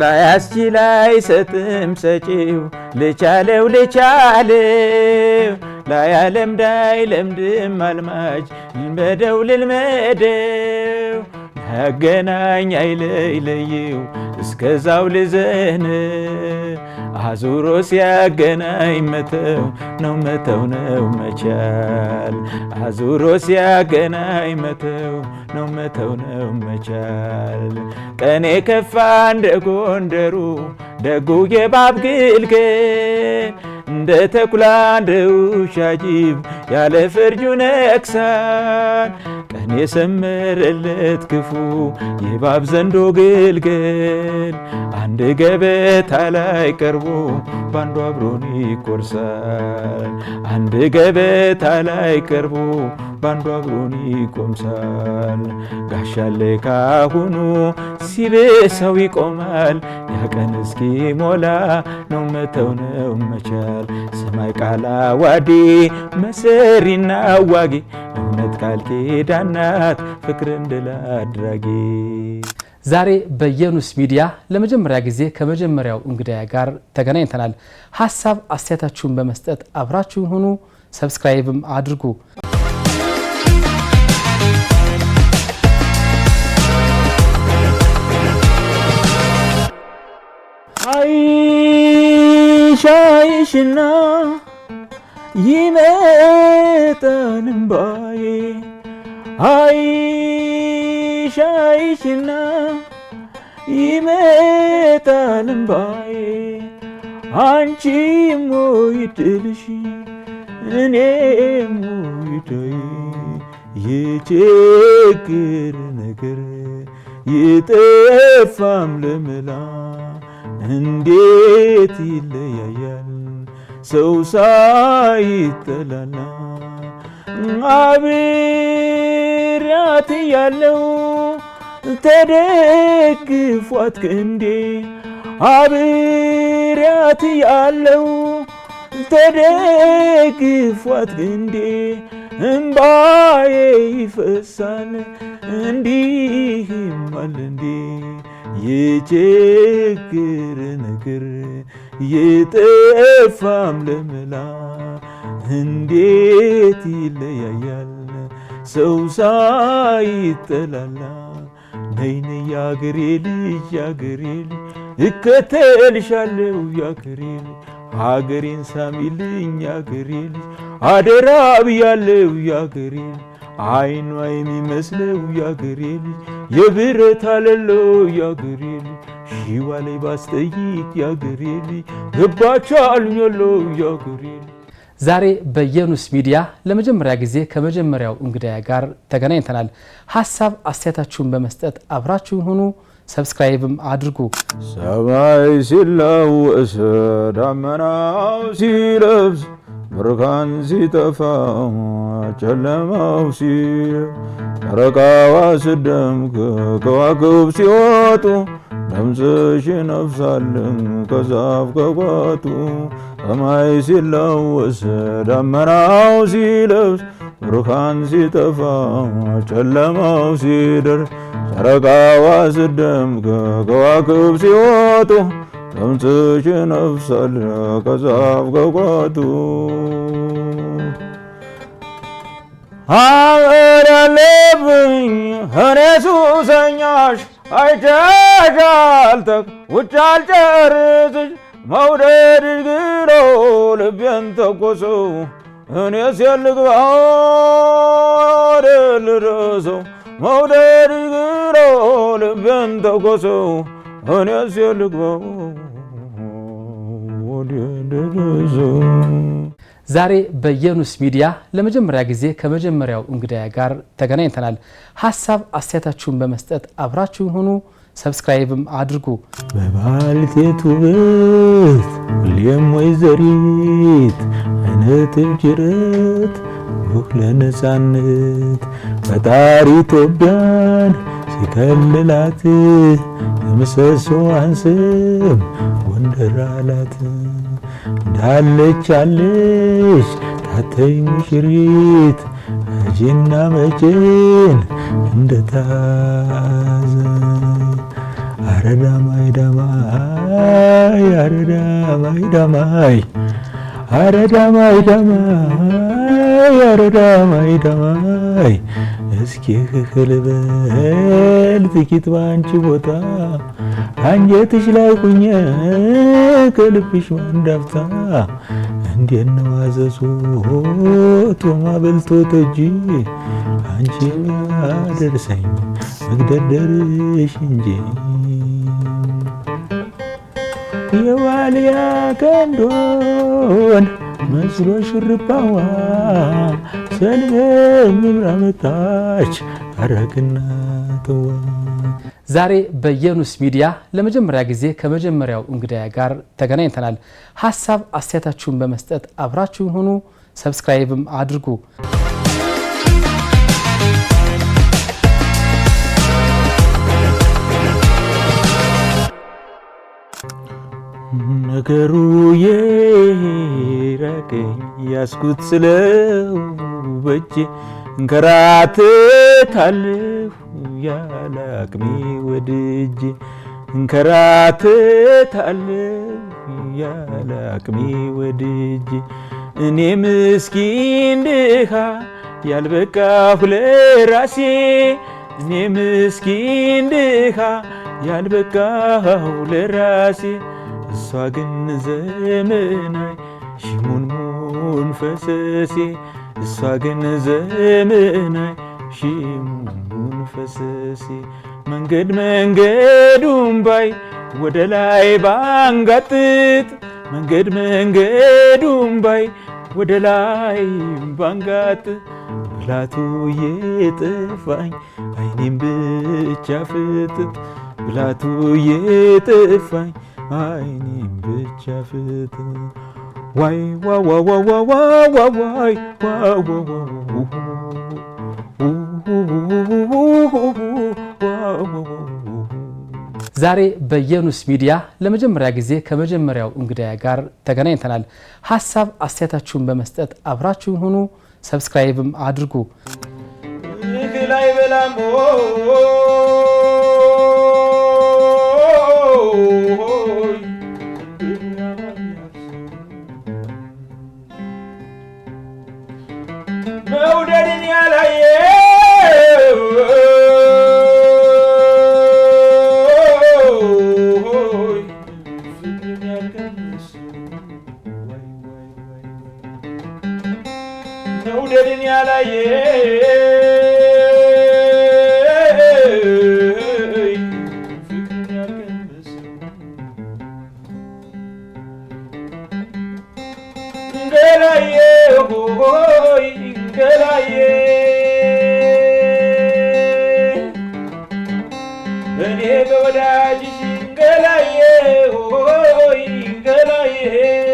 ላያስቺ ላይ ሰትም ሰጪው ልቻለው ልቻለው ላያለም ዳይ ለምድም አልማጅ ልንበደው ልልመደው ያገናኝ አይለይለይው እስከዛው ልዘን አዙሮ ሲያገናኝ መተው ነው መተው ነው መቻል አዙሮ ሲያገናኝ መተው ነው መተው ነው መቻል ቀኔ ከፋ እንደ ጎንደሩ ደጉ የባብ ግልገል እንደ ተኩላ እንደ ውሻ ጅብ ያለ ፍርጁ ነክሳል እኔ ሰመረለት ክፉ የባብ ዘንዶ ግልገል አንድ ገበታ ላይ ቀርቦ በአንዱ አብሮን ይቆርሳል። አንድ ገበታ ላይ ቀርቦ ባንዱ አግሮን ይቆምሳል ጋሻለ ካሁኑ ሲቤሰው ይቆማል ያቀን እስኪ ነው መተው ነው መቻል ሰማይ ቃል አዋዲ መሰሪና አዋጊ እውነት ቃል ኪዳን ፍቅርን ድል አድራጊ። ዛሬ በየኑስ ሚዲያ ለመጀመሪያ ጊዜ ከመጀመሪያው እንግዳያ ጋር ተገናኝተናል። ሀሳብ አስተያየታችሁን በመስጠት አብራችሁን ሆኑ። ሰብስክራይብም አድርጉ። ነሽና ይመጣል እምባዬ አይሽ አይሽና ይመጣል እምባዬ አንቺም ወይ እኔም ወይ የችግር ነገር የጠፋም ለመላ እንዴት ይለያያል ሰው ሳይጠላና አብራት ያለው ተደግፏት ክንዴ አብራት ያለው ተደግፏት ክንዴ እምባዬ ይፈሳል እንዲህ አለ እንዴ የችግር ነገር የጠፋም ለምላ እንዴት ይለያያል ሰው ሳይጠላላ ነይነ ያገሬ ልጅ ያገሬ እከተልሻለው ያገሬ አገሬን ሳሚልኝ ያገሬ ልጅ አደራ ብያለው ያገሬ አይኗ የሚመስለው ያገሬ ልጅ የብረት አለለው ያገሬ ልጅ ሺዋላይ ባስጠይቅ ያገሬ ግባቻ አልኛለው ያገሬ ዛሬ በየኑስ ሚዲያ ለመጀመሪያ ጊዜ ከመጀመሪያው እንግዳያ ጋር ተገናኝተናል። ሀሳብ አስተያየታችሁን በመስጠት አብራችሁን ሁኑ። ሰብስክራይብም አድርጉ። ሰማይ ሲለው እስ ደመናው ሲለብስ ብርሃን ሲጠፋ ጨለማው ሲል ጨረቃዋ ስደምቅ ከዋክብት ሲወጡ ድምፅሽ ይነፍሳልም ከዛፍ ከቋቱ ሰማይ ሲለወስ ደመናው ሲለብስ ብርሃን ሲጠፋ ጨለማው ሲደር ጨረቃዋ ስደምክ ከዋክብ ሲወጡ ለምጽሽ ነፍሳል ከዛፍ ከቋቱ አለብኝ እኔ ሱሰኛሽ አይቻሻልተክ ውጭ አልጨርስሽ መውደድሽ ግሎ ልቤን ተኮሰው እኔስ የልግባ ወደ ልድረሰው መውደድሽ ግሎ ልቤን ተኮሰው እኔ እዚህ ልግባው ዛሬ በየኑስ ሚዲያ ለመጀመሪያ ጊዜ ከመጀመሪያው እንግዳያ ጋር ተገናኝተናል። ሀሳብ አስተያየታችሁን በመስጠት አብራችሁን ሆኑ። ሰብስክራይብም አድርጉ። በባልቴቱ ቤት ሁሌም ወይዘሪት አይነት ጅረት ለነፃነት ፈጣሪ ኢትዮጵያን ሲከልላት የምሰሶዋን ስም ጎንደር አላት። እንዳለች አለች ታተኝ ሙሽሪት መቼና መቼን እንደታዘ አረዳማይ ዳማይ አረዳማይ ዳማይ አረዳማይ ዳማይ አረዳማይ ዳማይ እስኪ ህልበል ጥቂት በአንቺ ቦታ አንጀትሽ ላይ ቁኘ ከልብሽ ማንዳፍታ እንዴት ነው አዘዞ ቶማ በልቶት እጅ አንቺ ያደርሰኝ መግደርደርሽ እንጂ የዋልያ ከንዶን መስሎ ሹርባዋ ሰልሜ ምብራ መጣች አረግናትዋ። ዛሬ በየኑስ ሚዲያ ለመጀመሪያ ጊዜ ከመጀመሪያው እንግዳ ጋር ተገናኝተናል። ሀሳብ አስተያየታችሁን በመስጠት አብራችሁን ሆኑ። ሰብስክራይብም አድርጉ። ነገሩ የራቀኝ ያስኩት ስለው በእጄ እንከራተታለሁ ያለ አቅሜ ወድጄ እንከራተታለሁ ያለ አቅሜ ወድጄ እኔ ምስኪን ድሃ ያልበቃሁ ለራሴ እኔ ምስኪን ድሃ ያልበቃሁ ለራሴ እሷ ግን ዘመናይ ሽሙንሙን ፈሰሴ እሷ ግን ዘመናይ ሽሙንሙን ፈሰሴ መንገድ መንገዱን ባይ ወደ ላይ ባንጋጥጥ መንገድ መንገዱን ባይ ወደ ላይ ባንጋጥ ብላቱ የጠፋኝ አይኔም ብቻ ፍጥጥ ብላቱ የጥፋኝ አይኔ ብቻ ፍትህ ዋይ ዋዋዋዋዋዋይ ዛሬ በየኑስ ሚዲያ ለመጀመሪያ ጊዜ ከመጀመሪያው እንግዳያ ጋር ተገናኝተናል። ሀሳብ አስተያየታችሁን በመስጠት አብራችሁን ሆኑ። ሰብስክራይብም አድርጉ። እኔ በወዳጅ ሲንገላዬ ሆይ